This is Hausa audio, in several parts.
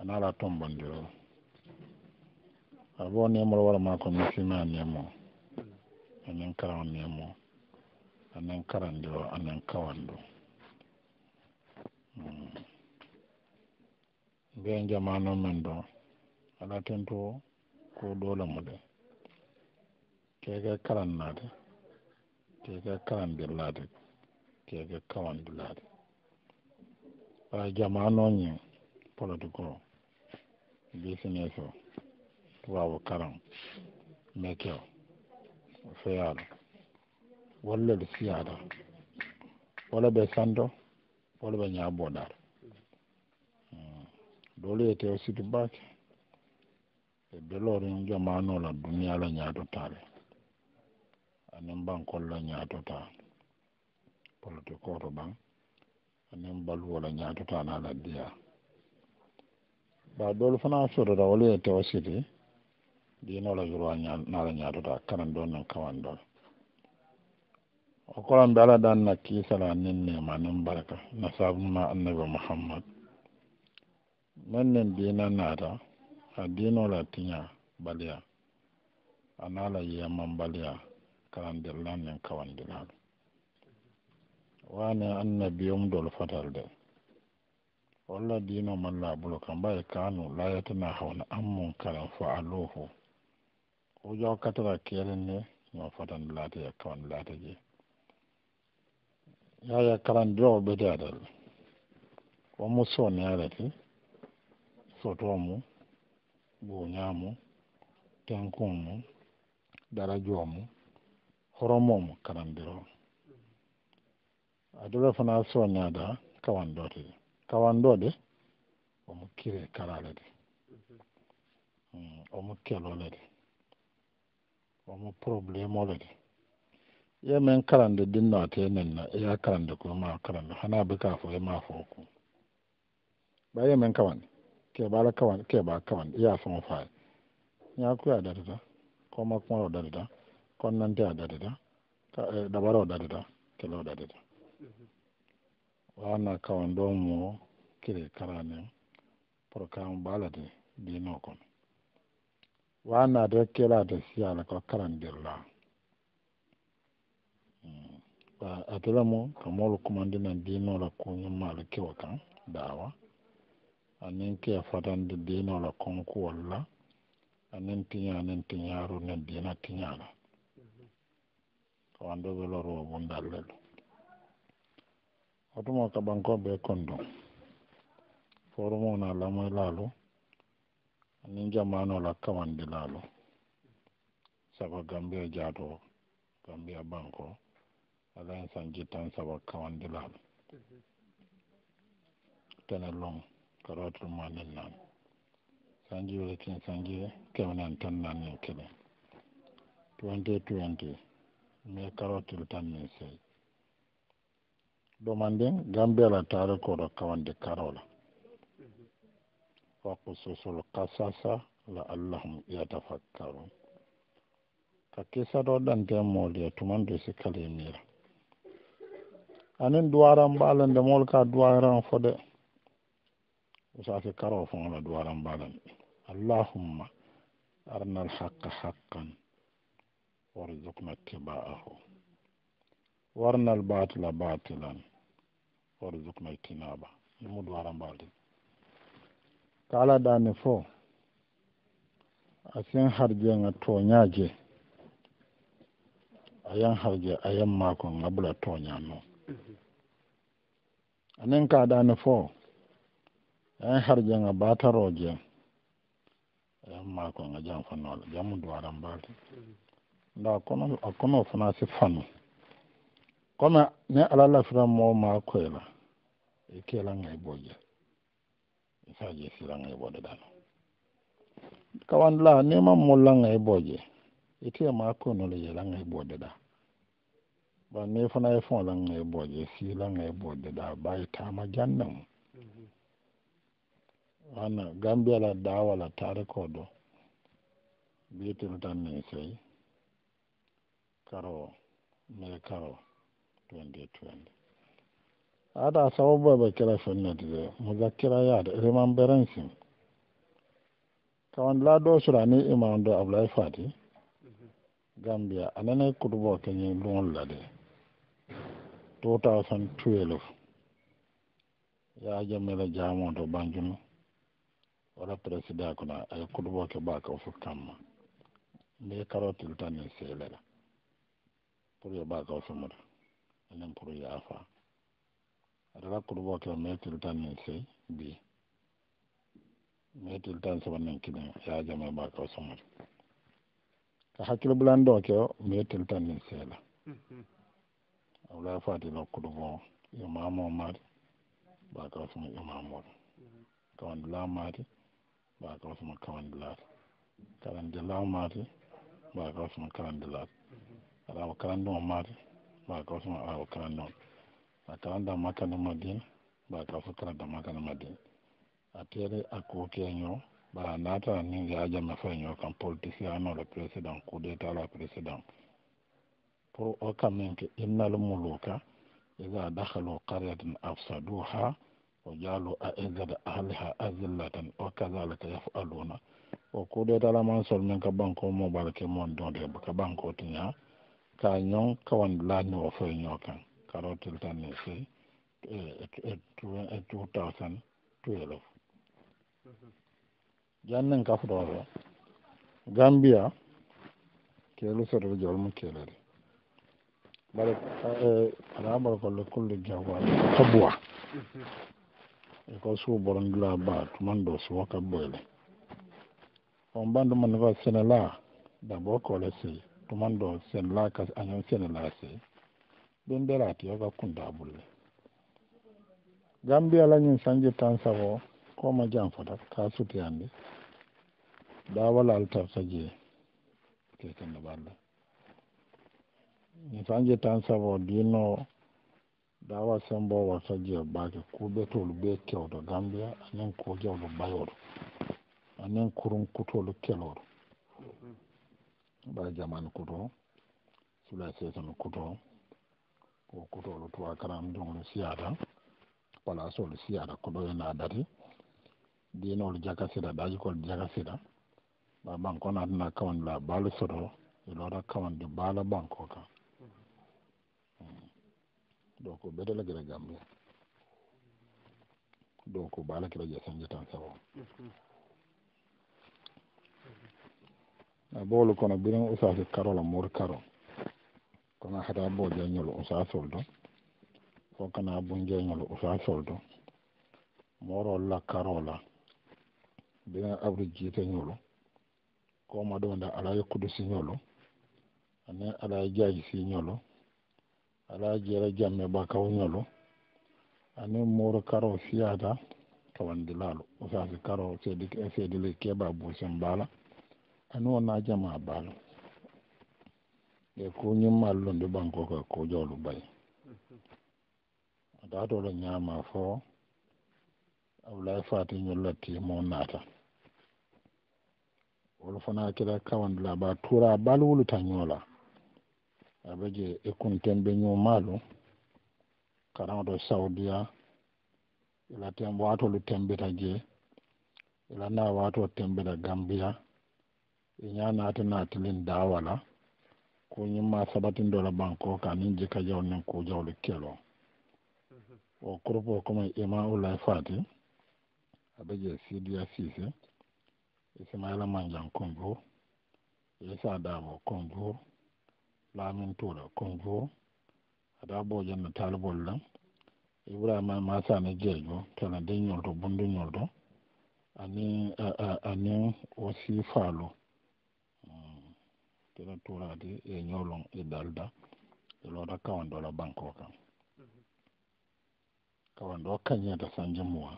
ana ala tombondiro abo nemoro wala mako misima nemo anen karaw nemo anen karandiro anen kawando jamana min men ɗo aɗa tento ko ke ke ɗolamude keke karannade keke karandirlade keke kawandilade a jamanoñin politique o dicen eso. Wa wakaran. Me kyau. Sai yara. Wallo da su yara. Wallo bai sando. Wallo bai ya bodar. Dole ya tewa su dubba ke. Dole orin jama'a nola duniya lan ya dota ne. A nan ban kollon ya dota. Politikoro ban. A nan baluwa lan ya dota na ladiya. Mm -hmm. ba dolu fana feerota wolu ye tewo siti diinoo la yuruwa naala ñaatota kanan doon nen kawan dol o kolan be ala dan na kiisala nin nema nin baraka nasabuma annabi muhammad men nen diina naata a diinoo la tiña baliya a naa la yeeman baliya kalandirlan nin kawandiraalu waane annabiyum dol fatal de walla dino man la bulu kan baye kanu la yatana hawna ammun kalan fa aluhu o jaw katara kelen ne ma fatan lata ya kawan lata je ya ya karan jaw be da dal wa muso ne ya lati soto mu bonya mu tenkun mu darajo mu horomo mu karan diro a dole fana so ne da kawan dote tawanɗoɗe omukire kire karalede mm, omo kelolede omo probléme olede yemin karande dinno ate nenna eya karande ko ma karande hana be ka fo ema fo ko ba yemin kawan keɓala kawan keɓa kawan iya fon faye ñakuya adatata komakkumaro datata konnante adatata eh, dabaro datata kelo datata wana kawando mo kire karane program balade dino kono wana de kelade siyala ko karandirla hmm. atela mo na kumandina dino la kuñumala kewa kan dawa anin ke fatande dino la konkuwol la anin tiña anin tiñaru na dina tiñala mm-hmm. kawando ɓe lorowo bundalelo. otumo kondo kondu forumona lamoy laalu anin jamanola kawandi laalu saba gambiya jaato gambiya banko alayen sanji tan saba kawandi laalu tene long karotul manin nan sanji wetin sanji kewnen tan nan nin kelen 2020 mais karotul tan nin sai. ɗomanden gambela tare koɗo kawande karola fakososol kasasa la allahum yatafakkaron ka kisa ɗo ɗanten molya tumande si kalinira anin duwaran mbalan de molka duwaran fode usake karowo fongola duwaran mbalan allahumma arnal haqqa haqqan warzukna tiba'ahu warnal batila batilan warzuqna ijtinaba imu duwara mbaali ka ala ɗani fo asen je, a yan harje ayan mako nga ɓula toña no anen ka ɗani fo ayan harjenga bataroje ayan mako nga janfanole jamu duwara mbaali mm-hmm. nda akono fana si fanu kɔmi ne ala lafira mɔɔ maa koye la i e la ŋa i bɔ jɛ i ka je sira ŋa i bɔ de dana kawandila ni ma molla ŋa i jɛ i tiya maa koye nɔ le yɛla ŋa i bɔ de da ba ne fana ye fɛŋo la ŋa i bɔ jɛ sii la ŋa i bɔ de da ba i e taama janna mu ana gambia la daawa la taarikoo do bii e tulu tan ninsɛyi karo mee karo. 2020 aɗa sababu ɓe kira fennede de muzakkira yaade rememberensin kawan laado surani imam do ablaye fati mhm. gambia anane kutubo keñi luŋol la de 2012 yaaje mele jamonto banjuno wala président kono ay kutubo ke baka fo kamma mbe karotil tan ni seelela pour yo baka fo anin pour yaafa atata kuruboo kila metil tan nin sey bi metil tan saba nin kiliŋ ya jama baka kaw soŋori ka hakkilo bulandoo ke metil tan nin sey la mm-hmm. awla faati la kuruboo imamoo maati baa kaw soŋo imamoo kawandilaa maati baa kaw soŋo kawandilaati karandilaa maati baa kaw soŋo karandilaati alawo karandiŋo mari a kawo a karan nan a ta wanda maka na madin a kawo karan da maka na madin a tere a koke yanyo ba a nata ni ya ja mafa yanyo kan politiciano presidan ko da d'etat la presidan pour o kamen ke innal muluka idza dakhalu qaryatan afsaduha wa jalu a'izzata ahliha azillatan wa kadhalika yaf'aluna o da d'etat la man sol men ka banko mo barke mon donde ka banko tinya ka ñoŋ kawandi laani wo foye ñoo kaŋ karotil tan ne se e, e, two thousand twelve jannin ka futoto gambia kelu jol mu bare e, ala bar e ko boyle on bandu man tuman don sen la ka a ɲɔ sen la se don bɛɛ la a tiyɔ ka kun da bolo gambia la ɲin sanji tan sago ko ma jan fata ka suti yan de dawa la alta ka je ke ka na ba la ɲin sanji tan sago dino dawa sen bɔ wa ka je ba ke ko bɛ to olu bɛ kɛ o do gambia ani ko jɛ olu ba yɔrɔ ani kurun kuto olu kɛ o do ba jaman kuto sula seson kuto ko kutolu tuwa karam dongol siyata wala sol siyata koɗoye na dati dinol jakasira dajikol jakasira ba banko natana kawandi la baalu soto ilota kawandi baala banko kan ɗo hmm. ko ɓedela gira gambia ɗo ko baala kira jesanji tan sawo hmm, hmm. a boolu kono birin usaasi karo la mori karo kono hata bo jeñolu usaa soldo fokana bun jeñolu usaa soldo morol la karo la birin abri jiite ñolu koma donda ala ye kudu si ñolu ani ala ye jaaji si ñolu ala ye jere jamme bakaw ñolu ani mori karo siyaata kawandilaalu usaasi karo seedi seedili keba buusin baa la anu wona jama baalo e ko ñimmal londe banko ko ko joolu bayi daatolo ñaama fo ablaye fati ñol latti mo naata wolu fana kira kawandula ba tura baal wuluta ñoola aɓe je ekkuntenɓe ñumaalu karaŋoto saudiya ila tem watolu tembita je ila na wato tembita gambiya inya na naatilin daawala ko ñimma sabatin dola banko ka nin jika jaw nin kujawlu kelo mm-hmm. o kurupo comme ima ulay faati aɓe je siduya siise ismaila mandian konjour isa daabo konjour lamin tuuɗa konjour ada bojanno taalibol len ibrahima masane jeejo kene de ñolto bundu ñolto ani ani o falo. kela turati e ñolon e dalda e loota kawando la banko kan kawando kañeta sanji muwa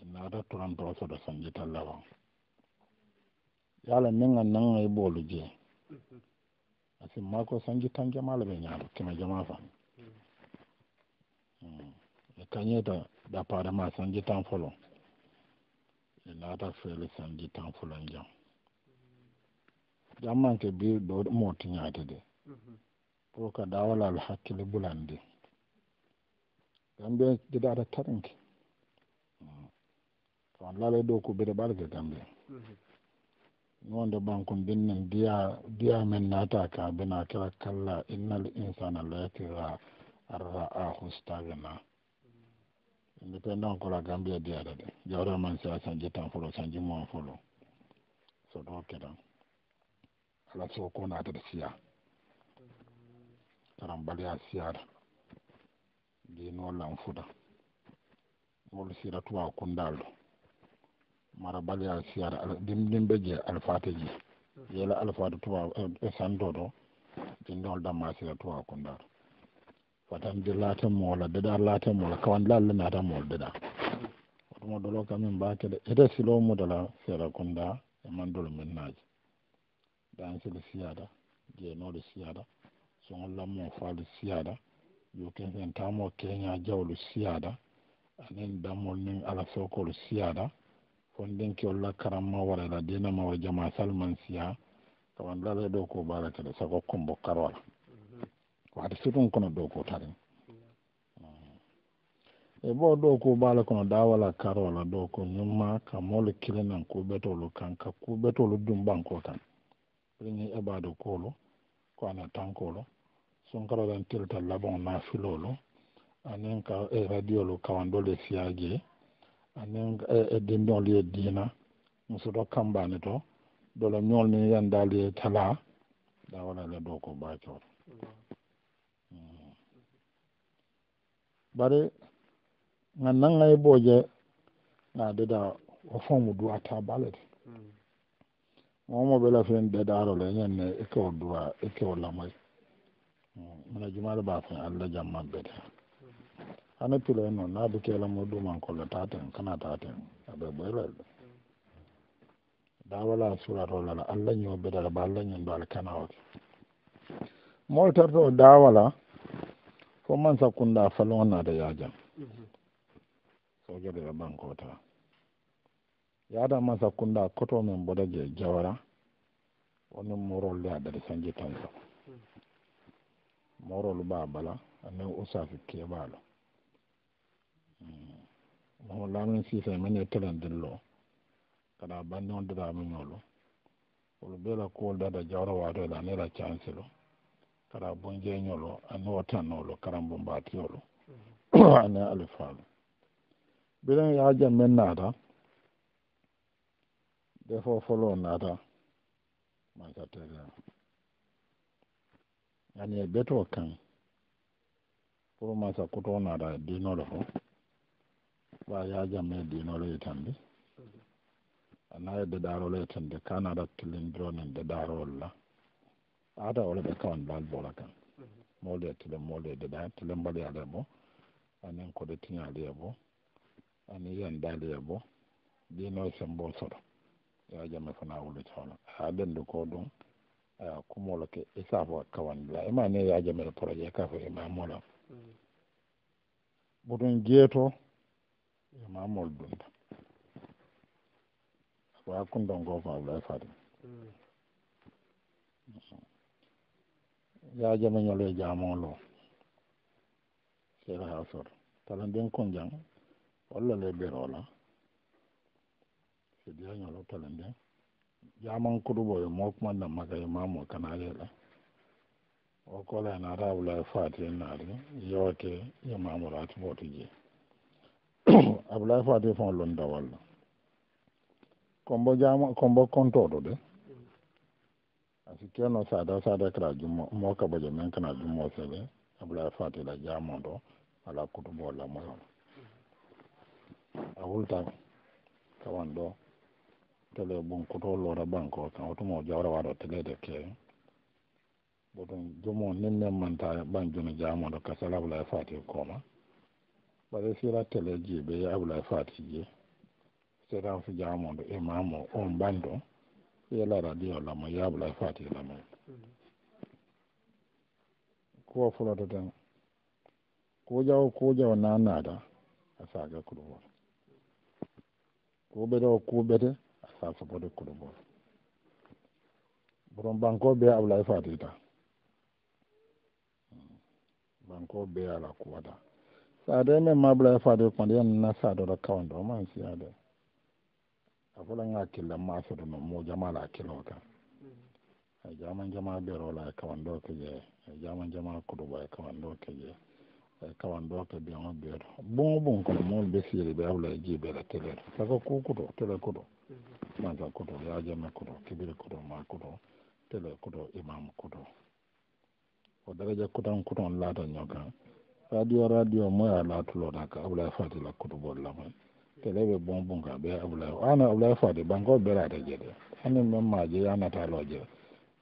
e naata turantoo soto sanje tallawan yala ninga nanga e boolu jee asi mako sanji tan jama la ɓe ñaato keme jama fan e kañeta dapparema sanji tan folo e naata feele sanji tan fulan jam jammanke bi ɗo motiñaade de mhm. pour que dawalal hakkille bulandi gambien jiɗaata tarinke mm. toon lala ɗo ko ɓire ɓalge gambien mhm. nonde bankum dinnen diya diya men naataka bina kira kalla innal insana layatira arraahu stagna mhm. independant kola gambia diyaɗa de jawre man si a sanji tan folo sanji moa folo so ɗo kedan ala ko na ta siya taran baliya siyara dino lan fuda wol sira tuwa kundaldo mara baliya siyara ala dim dim beje alfata ji yela alfata tuwa e eh, dodo do din dol ma sira tuwa kundaldo fatan di lata mola dada lata mola kawan lalle na ta mola dada kuma dolo kamin ba ke da ita silo mu da la sira kunda man dol min naji da da siyada sun jeenoɗo siyaɗa sohollammo faalu siyaɗa yo kensen tamo keña jawlu siyaɗa anin dammol nin ala ke siyaɗa karama wala da dina ma wa jama salman siya kawan lala ɗo ko barakede sago kombo karwala mm-hmm. wata sutun kono ɗo ko tarin mm-hmm. e bo do ko bala kono dawala karola do ko ñumma ka molu kilinan kuɓetolu kan ka kuɓetolu dum banko kan ɓeɗen eɓade kolo ko ana tankolo sunkaroɗan tirta labon na filolo anen ka e radiolo kawandole fiyaje anen e dimbioli e diina musuɗo kambani to dole ñolni yandali e tala da waɗale dow ko bakewol bare ga nangaye boje ga deda o fomu duwata balede hmm. momo ɓela fen ɓeɗarole enenne ekkewo dura ekkewo lamoy mine mm, jumare bafen allah jam mabɓede hane pila en noon naɓe kelamo ɗumankolle taten kana taten aɓe ɓoyrede dawala suratolala allah ñiwo ɓedala ba allah ñin doala kanaoke mol tarto dawala fo man sakkunda falonade yajan mhm. sogede e bankota mm -hmm. Yada masa kunda koto min boda je jawara wonin morolle a dari sanji tansa morol ba bala anin usafi ke balo hmm. mo lamin sise mene telen dillo kada da on dira min yolo olu be la kuwol dada jawra wato la ne la chance lo kada bonje nyolo ani wotanolo karambon batiyolo hmm. ani alifalo bidan ya jamin nada defo folo naata makatere ani e beto kan pour masa kuto naata dinole fo ɓa yajamme dinole yitandi ana e deɗarole yitandi kanaɗa tilindironin deɗarol la aata ole ɓe kawan lal bola kan mawde tile mawde deɗa tile mbaɗiyale bo anin kode tiñaliye bo ani yandaliye bo ɗino sembo soto yo jamme fana wulle sowno a ɓendu ko ɗum kumolo ke e safo kawanla ima e ne ya jamere projet ka fo e mamolam mm. ɓoɗum jeeto e mamol dunta wa kundon ko fa wula fadi ya jame ñol e jamolo sera hasor talandin kon jang wallale ɓerola e diya ñolo palende jaman kurubo yo mo kuma na maka yo mamo la o dawal sada sada ka kana la la a kawan tele bonkoto lora banko kan otumo jawra waɗo telede kewi boɗum jomo ninnen manta ban joni jamoɗo kasal ablaye fati koma ɓaɗa sira tele ji ɓe ablaye fati je seeɗan fi jamoɗo imamo on banɗo yela radio lamo ye ablaye fati lamo ko fuloto ten kujaw kujaw nanaɗa a saga kuɗo won kuɓete o kuɓete sa soboɗe kulubol boron banko be ablaye fatita banko be ala kuwata sade men ma ablaye fati kwande yanna sadoɗo kawande o man siyade a folan hakkilla masoɗo no mo jamala hakkilo kan e jaman jama ɓerola e kawando ke je e jaman jama kuɗuɓo e kawando ke je e kawando ke biyango ɓeeɗo bon bon kono mon be siiri la ablaye jiɓeɗe teleɗo sako kukuɗo tele kuɗo nasa koto yajame koto kibiri koto ma koto tele koto imam koto o daraja koton koton laata ñoo kan radio radio moya laatuloota ka abulaye fati la kotobol lamoy tele ɓe bon bon ka ɓe abulaye ana abulaye fati banko ɓerata jeede hani men maje yanatalo je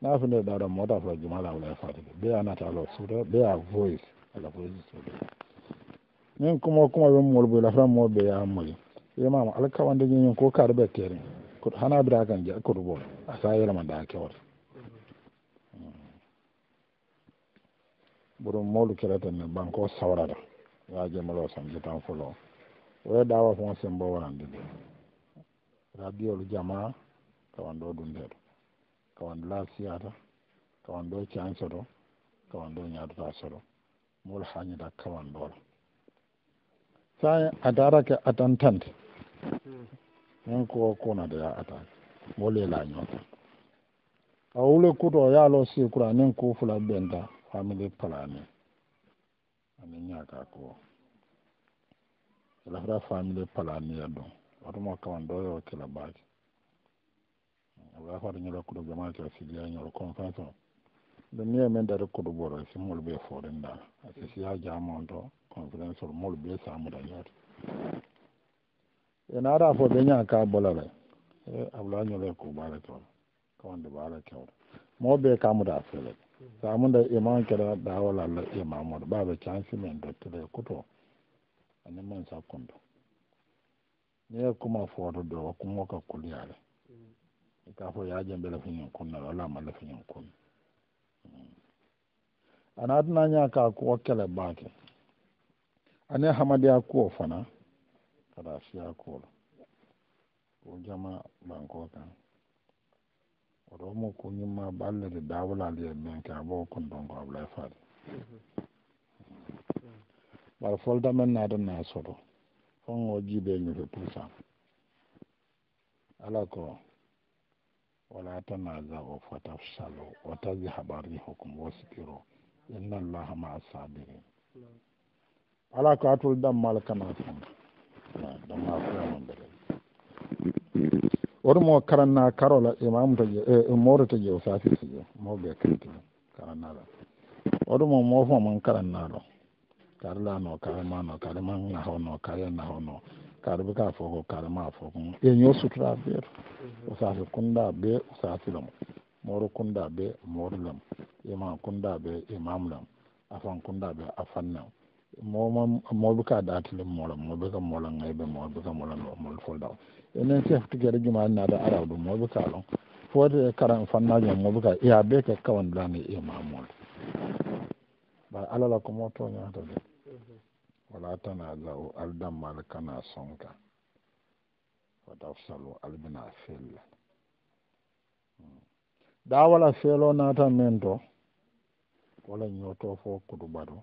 nafinde ɗaɗo mota fo jumala abulaye fati ɓe yanatalo suuta ɓe a voice ala voice suuta min kuma kuma ɓe molboy lafra moɓe ya moyi imama alkawandegi ñin ko kwa ɓe terin jakkuɗo hana bira kan jakkuɗo bon asa yalamanɗa kewata ɓurum mawlu keɗatanne banko sawrata ya jemalo sanjetan folo woya ɗawa fon sembo wonande nde rabiyolu jama kawanɗo dundeto kawanɗo la siyata kawanɗo cansoto kawanɗo ñatota soto mawlu hañita kawanɗola sa a darake atantante hmm. nin ko kona da ata mole la nyota a wule kuto ya lo si kura nin ko fula benda family planning ani nyaka ko lafra family planning ya don wato mo kawan do yo kila baki wala fa nyoro kudo jama ka filia nyoro conference do mi men da kudo boro si mol be fo den da asi si ya jama on to conference mol be samu ena ara fo ɓe ña ka bolare e ablañole ko ɓaare kewl kawande ɓaare kewl moɓe kamuda fele samuda iman keɗa dawol allah ba ɓaɓe cansi men dottire kuto ani man sakkundo ni ye kuma footo do kummo ka kuli i e ka ya kun na fo yajemɓe lafiñin kunnal walama lafiñin kunna ana nya ka kuwo kele baake ani hamadiya kuwo fana talashiya kolo o jama bankokan oɗo mo kuñimma ɓallede dawlali e men ke abo kon donc ablaye fade ɓar folda men naade na soto fon o jiiɓe ñufe pour cent ala ko wala tanaza o fatafsalo o taji habari hukum o sikiro inna allaha ma asabirin ala ko atul dammal kana fonga ɗum ma fuyamun dala woɗumo karanna karola imamu e ta je e, e moro ta je o safirti je mawɓe kirti karannaɗo woɗumo mofo mon karannaɗo karlano karemano karema na kare nahono kari ka fo ko ma fo ko nyo sutura biyar. o safi kunda be safi lam. moro kunda be lam. ima kunda be lam. afan kunda be afannam moma moolu ka daatile moola moolu be ka moola ŋaybe moolu be ka moola no moolu fo daw enen seftikere jumaa naata arawdu moolu be ka lon na karan fannajo moolu ka iya be ka ni kawandilani imamoolu ba ala la komo toñaata de wala ta na za o tanazaw aldammal kana sonka watafsalu albina felle hmm. da wala feelo naata men to wala ñooto fo kutubato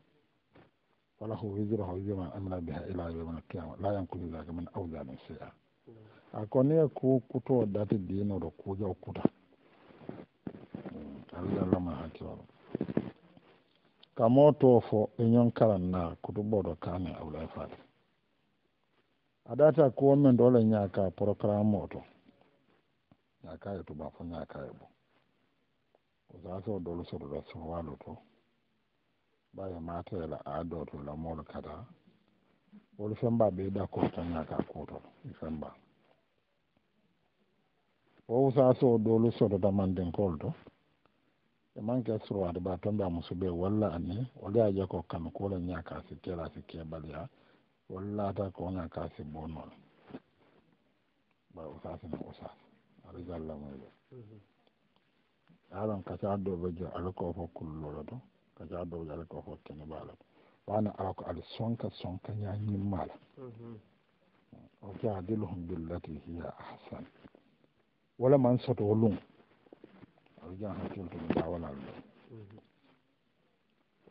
وله وزرها وزر من أمر بها إلى يوم القيامة لا ينقل ذلك من أوزان شيئا أكوني كو كتو دات الدين وركوجا وكتا الله لما هاتيوه kamo tofo inyon karan na kutubo da kane a wulai fadi a data dole ya program moto ya ka yi tuba fun ya ka yi bu walo to ɓaya matela a dotola molo kata wolu femba ɓe ɗa kotañaka kutol femba o usase o dolu sodota manden kol to e manke surwade ɓa tombe a musuɓe walla anni wolu yaje ko kami kula ñaka si kela si kebaliya wallata ko ñaka si bonnol ɓa usase ne usase aɗa jalla muyɗo mm-hmm. aɗon kaca doɓe jo ala ko fo kullolo to ka ja dɔw yɛrɛ ka hɔ kɛnɛ b'a la wa na ala ko ali sɔn ka sɔn ka ɲa ɲimma la o kɛ a deli hun billati hiya ahsan wala man sɔtɔ wolon a bɛ jan hakili to ba wala lɔ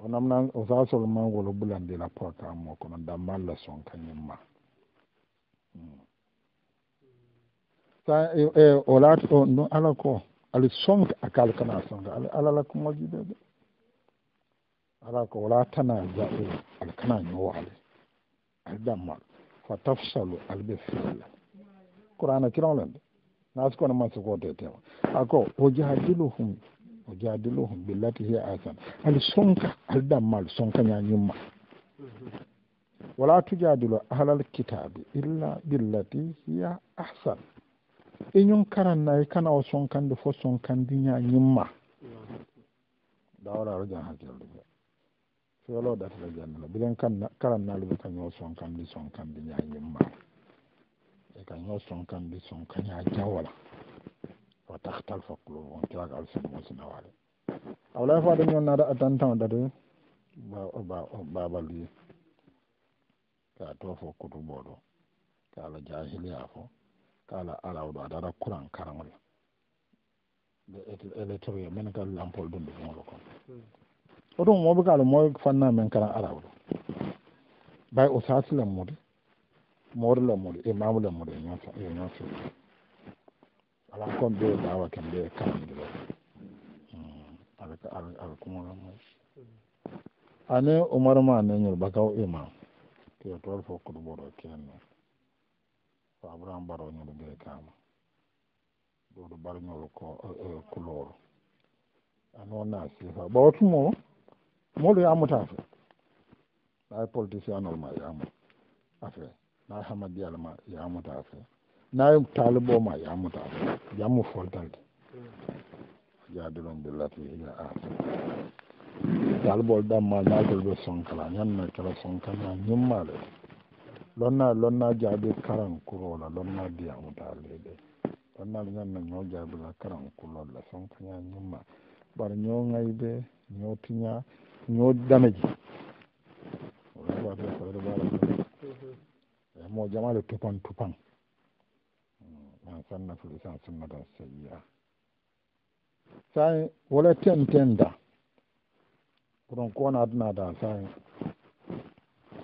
o namna o saa sɔrɔ man wolo bulandi la pɔ k'a mɔ kɔnɔ da ma la sɔn ka ɲimma hmm. e, e, o la ala ko ali sɔn a k'ale kana sɔn ala ko wala tana zaɓe alkana kana ñowale al dammal fa tafsalu al be filla qur'ana kirawlen de nas kono ko so gote tema ako o jahadiluhum o jahadiluhum billati hiya asan al sonka al dammal sonka ma wala tujadilu ahlal kitabi illa billati hiya e karan na karannayi e kana o sonkande fo sonkandi ñañumma dawra rojan hakkilde yolo datata janna bilen kanna karannalu ɓe kañoo sonkandi sonkandi ñañimma e kañoo sonkandi sonkaña jawala o tahtal fakkulu on kiraka alsan mosinawale awlay fa ɗum yonnade attantan date babali ka to fo kutuboɗo kala jahiliya fo kala alawɗo adara kuran karaŋol de électrie e, e, e min ka lampol ɗum ɗe ɗumolo kon hmm oɗum moɓe hmm, ka ala mowi fannameen kalan arawol bay o saasi lammude moori lammude imamu lammude yo ñooso ala kon ɓe ɓaawa ken ɓe kalandiro ala kumolammu ane umarma ne ñol bakaw imam ke tol fo koɗo ɓoɗo kenno ko abraham eh, baro ñol bire eh, kama ɗoɗo bar ñol ko kuloro ano nasifa ɓawatumoo moolu ye a muta a fe naye politicianol ma ye a muta a fe naye hamadiyal ma ye a muta a fe naye taaliboo ma ye a muta a fe jammu foltalde jaadilon billati hiya aata taalibol ɗamma naatol ɓe sonkala ñanna kela sonkalna ñimmaale lonna lonna jaabi karan kurola lonna diyamutalde ɗe lonnal ñanna ñoo la karan kulol la sonkaña ñimma bar ñoo ŋayde ñoo tiña no damage mo jamalu tupan tupan man san fi lisan San sayyi'a sai wala tentenda kuron kona adna da sai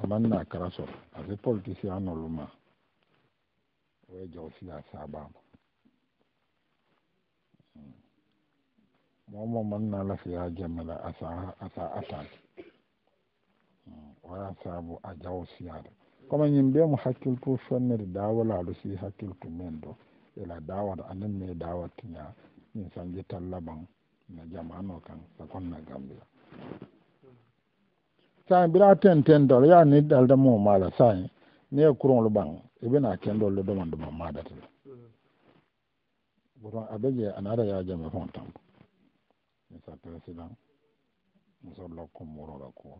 kaman na karaso a zai politician no luma wai jawsi ya saba mu momo manna lafiya jamala a asa atake hmm, wala saabu a jawo siyaade kono ñin ɓe mo hakkiltu sonnede dawolaɗo si hakkiltu men ɗo ila dawata anen mi dawattiña min sanji talla ban no jamano kan sakonna gambia sae mbiɗa ten ten dol ya ni ɗalde mo maala sae ni e kuronlo ɓan eɓena kendolle ɗoman a maɗatela hmm. boton abeje ana ara yajame fon tampo misatansilan musolla kummurora kuwo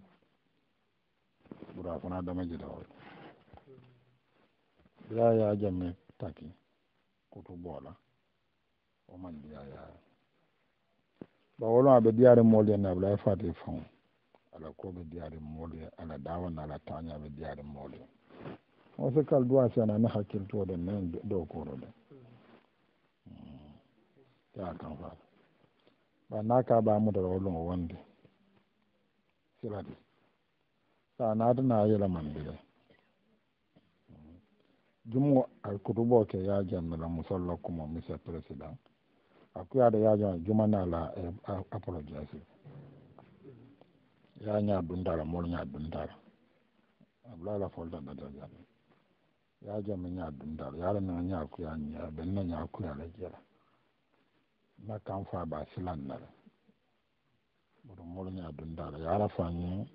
ɓura fana damajida o ya ya jamme taki kutu boola o man diya yaya bawolon aɓe diyari moolu ye nabla e fati faŋo ala ko ɓe diyari moolu ye ala dawana ala taña ɓe diyari moolu ye o si kal duwa sena ni hakkiltoɗe nen dow koro de hmm. ya kan fata ɓanna ɓamu da rawolon wonde sirade sa naatana yela mandire jumo ay kutubo ke yajannala musolla kumo monsieur président akuyade yajon jumanala e eh, apologesi ya ña dundara mol ña dundara ablala folta data jam yajomi ña dundara yala nana ñakuya benna ñakuyala jela na kan fa ba silan na murmur ya dunda da ya rafa ni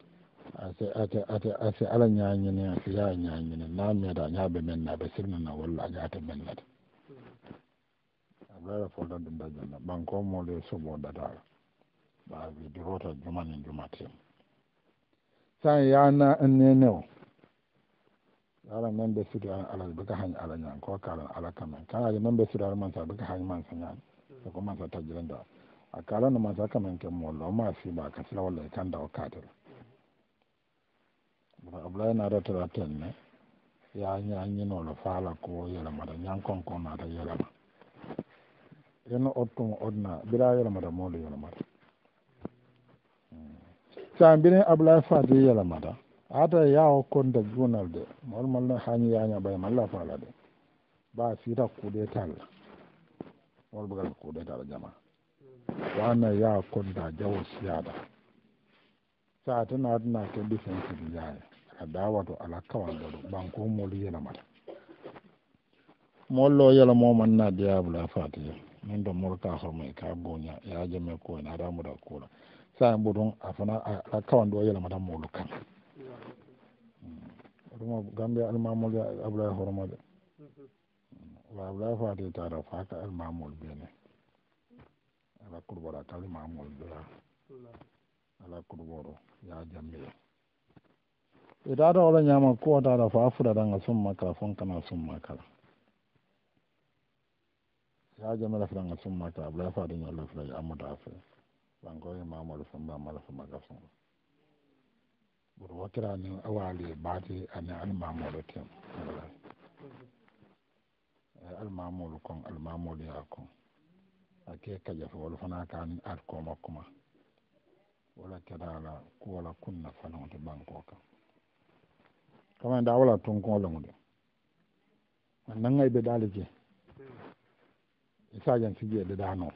ase ate ate ase ala nyaanyi ne ase ya nyaanyi ne na me da nya be men na be sirna na walla ga ta men na abara fo da dunda janna banko mo le so bo da da ba bi dirota juma ni juma te san ya na ne ne o ala men be sirna ala be ka han ala nyan ko kala ala ka kala men be sirna man sa be ka han man sa nyan kuma ko tajirin da a kalano masa kamen ke mollo o ma siba ka sila walla da kanda o katel yana da tara ne ya ñañinolo faala ko yan na da yara ba yana otun odina bira yelamata moolu yelamata sambine ablaye faati yelamata ata yawo konta junal de molmalno hañi yaña ɓay malla faala de ba da kuuɗe talla wol bagal kuɗete ala jama wana ya kodda jawo siyaɗa sa tena adna keɗɗi fenkiɗi jaya a dawato ala kawalɗoɗo banko molu yelamata mollo yela momanna diyable a fatiya min do molka hormay ka boña yajame ko en aramuda kuuɗa sa en ɓoton a fana ala kawanɗo o yelamata molu kan hmm. ɗuma gambe almamol abla hormade wallahi ta tara faka al mamul bene ala kurbora kal mamul bene ala kurboro ya jambe ida da wala nyama ko da da fa fura da ngasun makala fon kana sun makara ya jambe da fura ngasun makara bla fa da nyala fura ya amata fa bango ya mamul sun ba mala sun makala sun buru ni awali bati ani al mamul tem wallahi ay almamolu kon almamolu yaa kon ake kajafe ni fana koo atkoma kuma wala kɛra la wala kun na fanoo te bankoo kan kama daa wala tunkuŋo loŋo de annaŋa be daali je isajan si jeede daano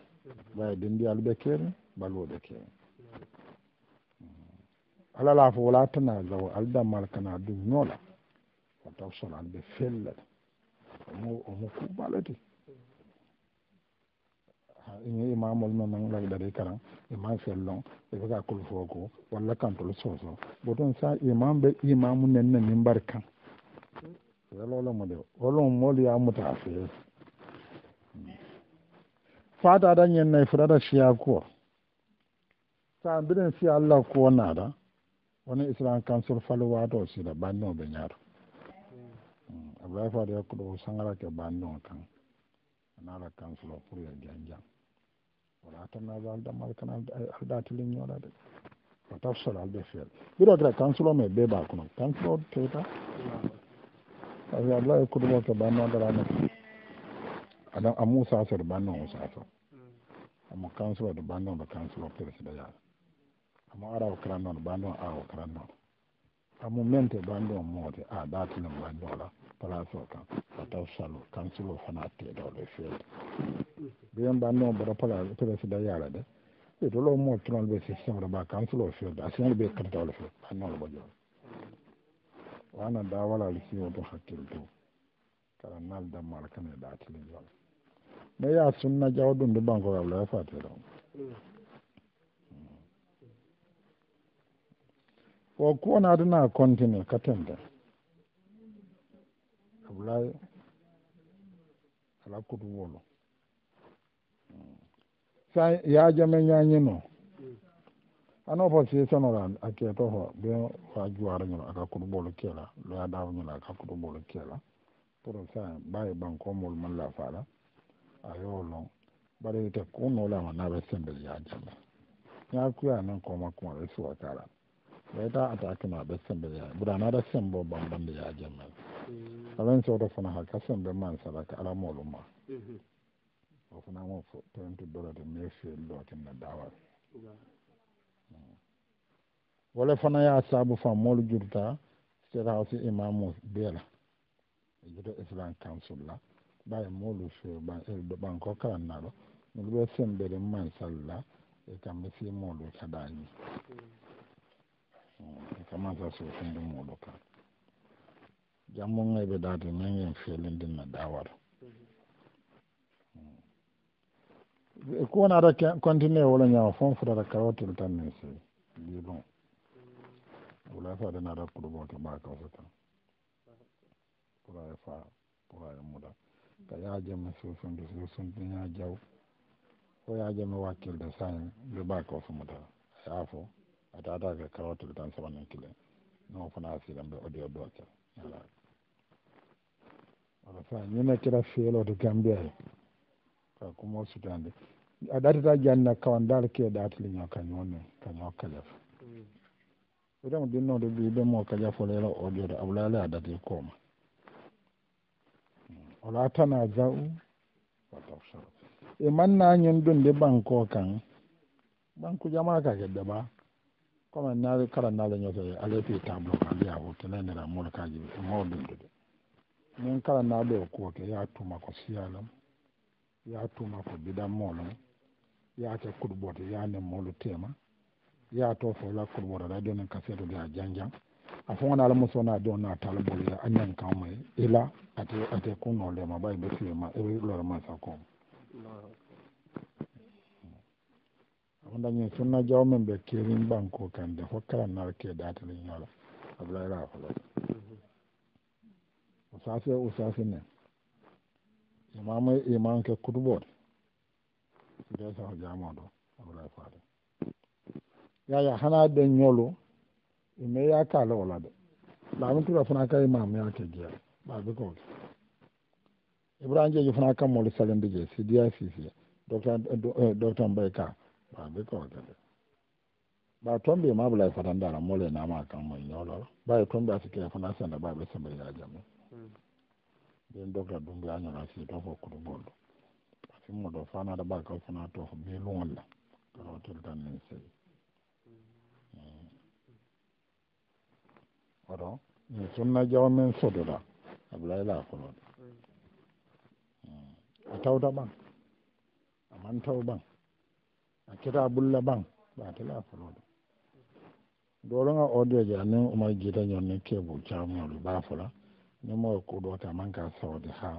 baye dindiyalu be keere baluwo be keere hmm. ala laa fo wala tana zawo ali dammal kana duŋ ñoo la wa tawsol ali be fellale omo ku balati i ma mol ma nang lagi dari karang i ma sellong i be ka kul foko walla kantol soso boton sa imam be imamu nen na mimbar kan yalolo mo de wolon mol ya mutafi fata da nyen na furada shiya ko sa bidan fi Allah ko nada wani islam council falwa to shi da banno be nyaro a bawi fade hokku ɗo sangarake bannoo kan anaara kansolo pour yo jan jan wala tannaɓe aldammal kan alɗa tilinñoɗa de o tafsol alɓe feere ɓirokira kansolo me be ba kono kansolo teta par ce allah hokku ɗumoke bannoo darane a mu saso ɗo bannoo mo saso amo kansolo ɗo bannoo ɗo kansolo présida yaa amo ara o karannoo ɗo bannoo awo karannoo amu mente bannoo moote a ɗatilin bannoo la palaso kan ka taa salo kansilo fana tigɛdaw de fɛ biyan ba nɔ bɔra pala peresida yala dɛ etolo mɔ tɔnɔli bɛ sisan wɛrɛ ba kansilo fɛ a sɛnɛli bɛ karitaw de fɛ a nɔ bɔ jɔ wana da wala alisi wato hakkilto kara nal da marka ne da atilin jala me ya sunna jawo dun da banko ga bla fa te don ko ko na dana continue ka abulayi ala kutu wolo san ya jama nyaanyi no ana fɔ si sanu la a kɛ tɔ fɔ bɛn fa juwara ɲɛna a ka kutu bolo kɛ la lɔya daaw ɲɛna a ka kutu bolo kɛ la toro san ba ye ban kɔ mɔlu ma lafa la a y'o lɔn bari tɛ ko nɔ la ma n'a bɛ sɛn bɛɛ ya jama ya kuya nan kɔma kuma bɛ suwa k'a la ya ta a ta kɛmɛ a bɛ sɛn bɛɛ ya bura n'a da sɛn bɔ banban de ya jama alansi o do fana ha kasan be man salaka ala molu ma mhm. o fana mo fo twenty dollar de me fe lo kin na dawa mm. wale fana ya sabu fa molu jurta sera hausi imamu bela judo islam council la baye molu fe ba el do banko kan na do mulu be sembe de man salla e kam be fi molu kadani mm. mm, e kam sa so fende molu kan jamun ebe da ta nan yin filin din na dawar hmm. eh, ko na da kontine wala nyawa fon fura da karotul tan ne se libon wala fa da na da kurbo ta ba ka fata kura ya fa kura ya muda ka ya je mu so sun da so sun din ya jaw ko ya je mu wakil da sai da ba ka su muda ya fo ata da ka karotul tan sabanin kile no na asiran be audio doka wala fa ñina kira feelode gambia e ka kumo sutande a ɗatata janna kawan dal ke ɗatiliño kañone kaño kalef ɓeɗemo dinnode mbi ɓe mo kaja folera oƴode abulale a dati kooma ola tana gau wa tafsara e mannañin de banko kan banku jama ka kedde ba kono naari kala naala ñoto ala fi tablo ala yawo kene nera mool kaji mool dundude nin kala naaɗo kuwo ke ya tuma ko siyalam ya tuma ko bidan moolom yaake kuɗɓoto yaane moolu tema ya to fo la kuɗɓoto ala donen kaseto de a janjang a fo wona ala muso na don na tala bol ya anyan kan moye ila ate ate kunnolema ɓay ɓe fiyema e lorema sa kom onda ñin sunna jaw men ɓe kerin banko kan kande fof kala narke datele ñoola abdoulayrah folo usase usase ne imama imam ke kutubo de saho jamoɗo abdoulay faade yaya hana de ñolu ime ya kale wola de laami tura fana ka imam yake jeya ɓaɓe koke ibrahim jeji fana kammolu salinde je sidiya sisie docteur docteur mbay ka Ba ka baabi kɔnkɛlɛ baa tɔn bɛ maa bila ifata ndara mɔlɛ n'a ma kan mɔ nyɔ lɔrɔ baa ye tɔn bɛ a ti kɛ fana sɛnɛ baa bɛ sɛnɛ yɛrɛ jamu den hmm. dɔ ka dun bɛ a ɲɔgɔn si dɔ fɔ kuru bɔ lɔ a ti mo dɔ f'a n'a da b'a ka fana tɔ fɔ bɛɛ lɔn la ka o tɛ taa ni se ɔrɔ hmm. nin sunna jaw min so dɔ la a bila ila fɔlɔ de hmm. a t'aw da ban a man t'aw ban. akira bulla ban ba tala fulodo doronga odo ja ne umar gida nyonne kebu chamalu ba fula ne mo ko do ta manka sawde ha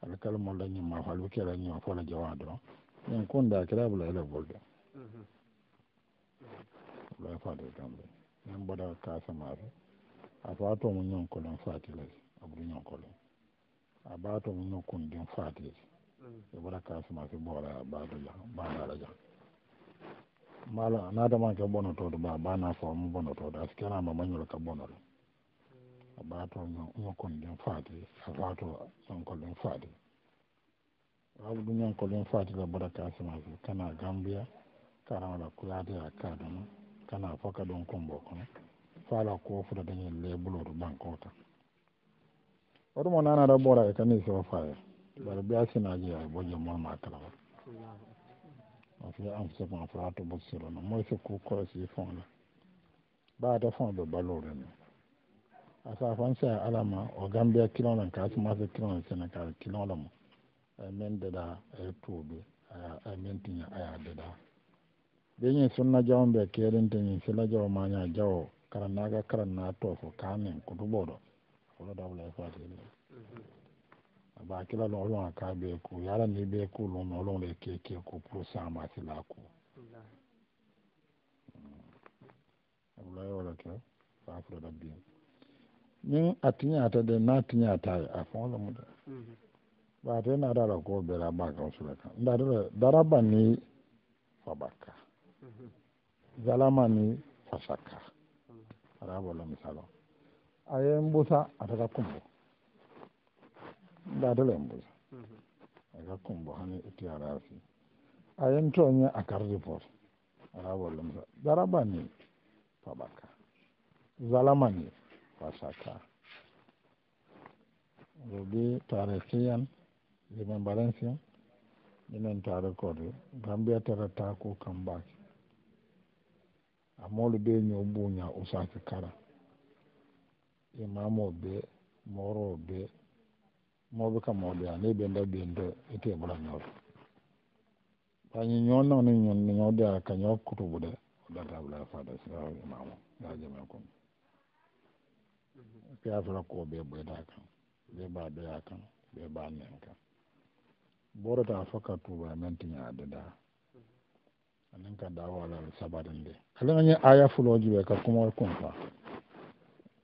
al mm-hmm. kalmo mm-hmm. la nyima falu kera nyima fola jawado en kunda akira bulla ila bolde la fa de gambe en boda ka samare afa to mo a ko don fatila abu nyon ko a ba to mo nyon kun din fatila e boda ka samare bora ba do la ba da la jang mala nadama ke bonotoɗo ba bana foomu bonotoɗo asi kenama mañol ka bonore a ɓato ñokkon ɗen faati a faato ñonkol ɗen faati waɓu ɗum ñonkol ɗen faati la boɗa kasimasi kana gambiya karamala kuyate a kadama kana foka ɗon kombo kono fala kofuta dañel lebuloto banko tan oɗumo nanaɗa ɓora e kani so faye bara mbiya sinaji ay bo jom molma kalawol afi anfusakum afala tubsirun mo se ku kɔlɔsi fɛnw la baata fɛnw bɛ balo o de nɔ asaafan sɛ ala ma o ganbɛ kiliɔn la k'a suma se kiliɔn la sɛnɛ k'a kiliɔn la ma a ye min dada a ye tuo bi a ye min tiɲɛ a y'a dada bɛ ɲin sunna jaw bɛ kelen tɛ ɲin sunna jaw ma ɲa jaw karan n'a ka karan n'a tɔ fɔ k'a min kutubo dɔ o de da wula ye ba kila lon olon ka be ko yala ni be ko lon olon le ke ke ko pro sa ma ti la ko Allah ya wala ke fa afro da de na tinya ta a fon lo mu da ba ta na da ko be la ba ka su la ka da da daraba ni fabaka zalama fasaka arabo la misalo ayen busa ataka kumbo daatelen boy aga kumbo a itiyara fi ayen toñe akar report ala wollum sa darabani faɓaka zalamani fasaka roɓi tare siyan limen balensiyan minen tare kode gambia terata ko kambaki amolu be ño buña usaki kara imamo be moro be moɓe kam mawɓe ya ni ɓe dagge nde ete ɓura ñooto pañi ñoonnawni ñonni ñoode a kañoo kutubude oɗatabla fada sirahu imamu ya jame kon mm-hmm. piyafira ko ɓe ɓoyda kan ɓe mba doya kan ɓe mba nen kan borota faka tuba men tiñaade da mm-hmm. anin ka dawalal sabarin de alaŋañi aya fuloji ɓe ka kumol kon fa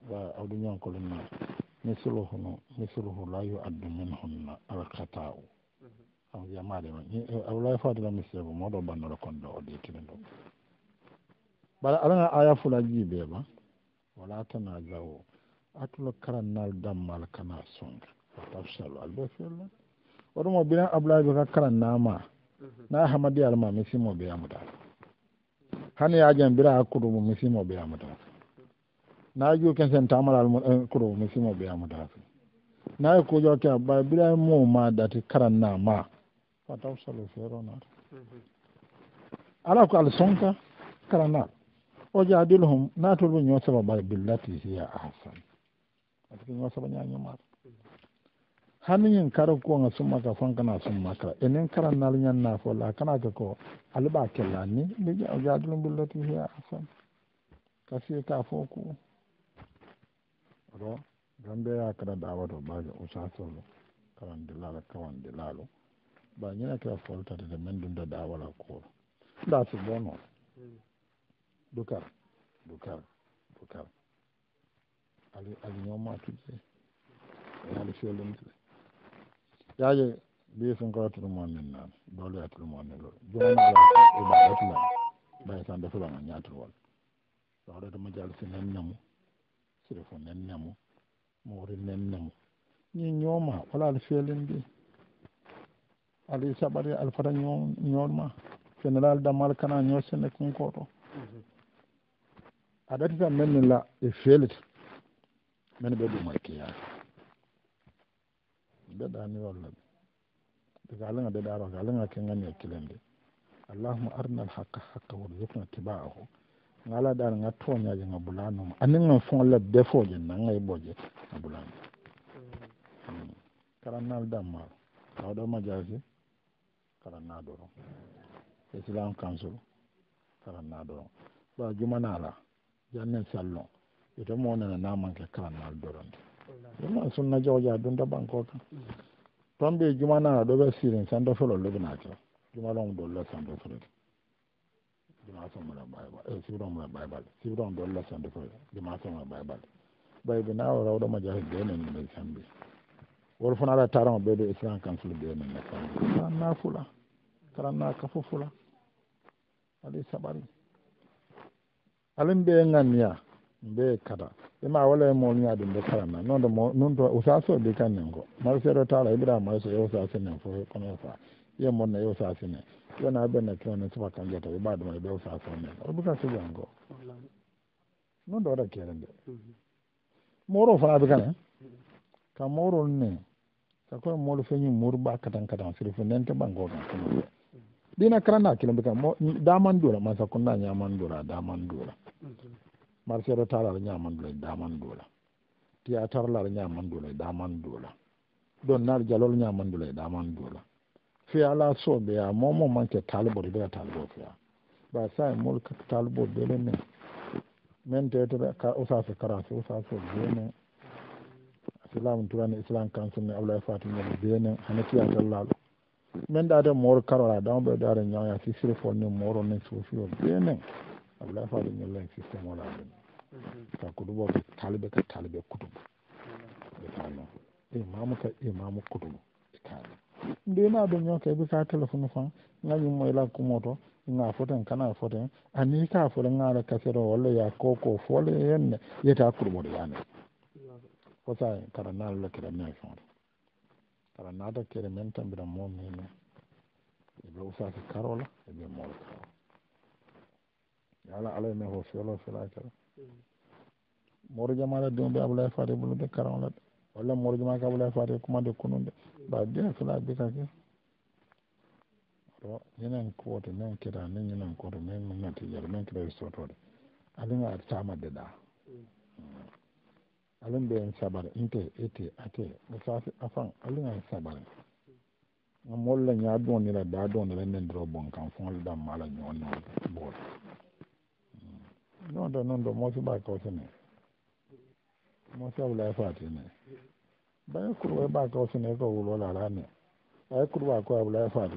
wa awdu ñonkolum naa مثلهن مثله لا يؤد منهن الخطأ أو يا مالي أو لا يفاد لا مثله ما دو بان لا كون دو دي كين دو بل أنا آية فلا جيبي با ولا تنازعوا أتلو كرن نال دم مال كنا سونغ وتفشلوا البفيل ورمو بنا أبلا بك كرن ناما na hamadi alma misimo be amudala hani ya jambira akudu misimo be amudala na yi ken sen mara al eh, kuro biya mu da hafi na yi jo ke ba bila mu ma ta karan na ma fataw lo fero na ala ko alisonka karan na o jadilhum na to bu nyo sababa billati hasan a cikin nyo sabanya nyo ma hannun yin karar ko nga sun maka fanka na sun maka enen karan na linyan na fola kana ka ko alba kella ni bi ja jadilum billati hiya ahsan kasi ka fo ko ko gambeya kara dawato baake usasolo karandilala kawandilalo ba ñina kira foltatede men dunda dawala kuuro nda si nɔ dukar dukar dukar ali ali ñoma tuje e ali feolumtile yaaje mbi sonkora ma min nan doloya tulumo min lo ba iba etula ɓay tan defulama ñatul wol sawɗetemo jal sinen nemu sere fo nennemu mowri nennemu ñin ñooma wala ala bi. alay Sabari alfata ñoolma général damal kana ñoo sene kunkoto mhm. aɗa tita men la e feelete men ɓe ɗum hakkiyaade mbeɗani walla ɓe daga alaga de ɗaro ga alaga kengani bi. allahuma arna alhaqa haqa warzuqna tibaahu ala dar nga toñaje nga bulano ani nga fon la befoje na ngay boje nga bulano hmm. karannal dammar tawɗo majasi karanna doron islam council karanna doron ɓa jumanala janne sallon ito monene namanke karannal doronde ɗuma sunna jawja dunta banko kan toon hmm. ɓe jumanala ɗo ɓe sirin santo felo loɓinake jumalon ɗo lo santo felode dimason mula bible e eh, sibiron mula bible sibiron ɗo lesonde fo dimason mula bible ɓayɓe nawa rawɗo majahid benen ɓe sambi woto fona ala tarama ɓeɗo islam kansule benen ne fa karanna fula karanna kafo fula aɗa saɓari alin ɓe ganniya mbe kada ima wala e molñaɗum ɓe karanna noon to nun to usaso ɓe kannen ko mari la taala heɓira mari so e usaso nen fo kono fa yen monna yo sasine wona ɓenne kewne sufa kan jata jeta ɓe ɓaɗuma e ɓew sasone o buka sijango non ɗo waɗa kere nde moro fana ɓe kane ka morol ne sakoye molo feñi muru ɓa katan katan sirifu nente ɓango kan kono ɗina karana kilombe kan damandura man ya man sakkunna ñamandura damandura marseɗo tarara ñamandura damandura tiyatarlara ñamandura damandura ɗon nar jalol ñamandura damandura fiyala so be ya mo mo man ke talibo de be talibo fiya ba sai mul ka talibo de le ne men te to ka usa se kara se usa so de ne islam turani islam council ne abla fatima de ne hanati ya tallalo men da de mor karola don be da re nyaa si sire fo ne moro ne so fi o de ne abla fatima ne system wala de ka kudubo ka talibe ka talibe kutubu be tano imamu ka imamu kutubu be tano mbina ɗum yoke ɓe sa téléphone fan gañum moy lakku moto ga foten kana foten ani ka fole gaala kasero walla ya koko fole henne yeta kurɓoɗo yane fo sa e, kara naalla kira men fonre kara naata kere men tambira momine eɓe usake karola eɓe moro karol yala alay e me ho felo fela e kara moro jamala dum ɓe abulay fade bulude karonlaɗe walla moro jama ka abulay fade commande konude ba den fana bɛ ka kɛ ɲinan kɔɔtɔ min kɛra ne ɲinan kɔɔtɔ min min na ti yɛrɛ min kɛra sɔtɔ de ale ma caman de da ale bɛ n sabari n tɛ e tɛ a tɛ o safi a fan ale ka n sabari nka mɔli la n y'a dɔn ne la da dɔn ne la ne dɔrɔn bɔn kan fɔ da maa la ɲɔgɔn na bɔ n'o tɛ n'o tɛ baya kuruba ba ka fɛnɛ ka wolo la ala ne a ye kuruba ko abula ya fadi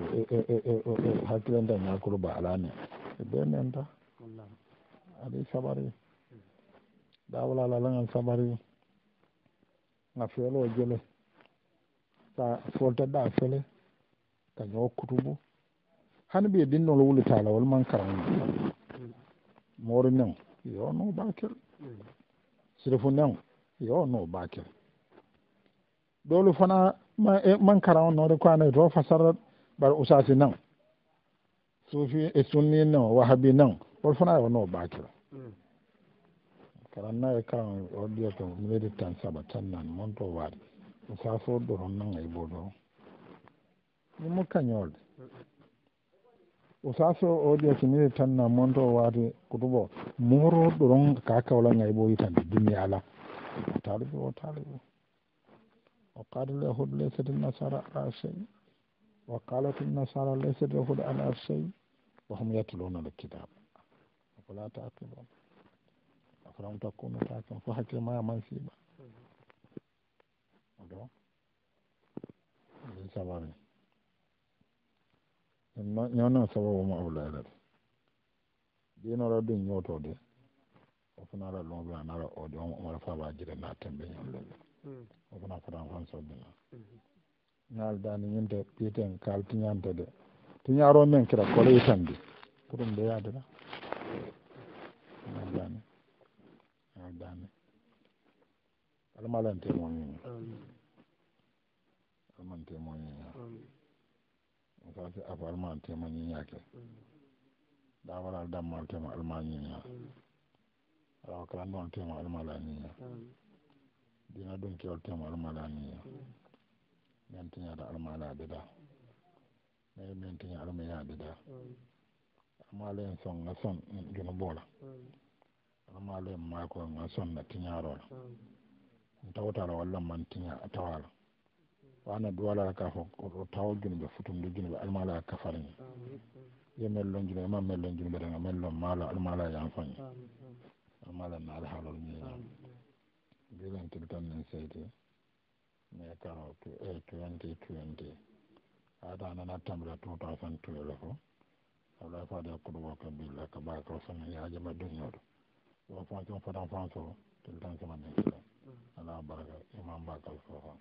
hakilin da ya kuruba ala ne bɛɛ nɛn ta ale sabari dawula la lan sabari nga fiyelo jele sa folta da fele ka ga kutubu han be din no wuli tala wal man karan mori nan yo no bakel sirfu nan yo no bakel dolu fana eh, man karaŋo noode ko ana to fasar bar usasi naŋ sufi e sunni nan wahabi nan wol fana ya noo baakira karanna e karaŋo o diyo to miledi tan saba tan nan mon to waade usasoo doron naŋ e bo do ni mu kañoolde usaso o diyo to miledi tan nan mon to waade kutubo mooro doron ka kawla ŋa e bo yitande duniya la o taalibe o taalibe وقال اليهود ليست النصارى على شيء وقالت النصارى ليست اليهود على شيء وهم يتلون الكتاب ولا تعقلون فلم تكونوا تعقلون فحكمها منسيبة سبابي ñana sababu ma awlaylat dina ra din ñootoode o fanara lobe anara o de omara faba jire na tembe ñollelle o mm. kana faranfan sodina ñaal dani ñinte piiten kaal tiñante de tiñaaro men kira kole yitandi ko ɗum ɓe yaadira ñaal dani ñaal dani alamalante moñiña alamante moñiña sake afa alamante moñiña ke mm. dawara dammal tema almañiña mm. alawa kala ndon tema almala ñiña dina ɗum kewtem almalaniya min tiñata almala deda mais min tiña almiya deda almala yin son na son gina bola almala yin mako ga sonna ta n da walla man tiña a tawala wana duwalara ka fo o taw da futumde junuɓe almala ne ya mellon ya ma mellon junuɓe daga mellon mala almala yan fañi almala na ne ya bilantiri tan nin seydi mais karo twenty twenty aɗa nana tamre two thousand twelve fo de fade kuɗugo ka billa ka ba ko fana yajama duñoɗo wo fonction fotan fanso tel tan sama nin sila ala baraka imam bakal fofan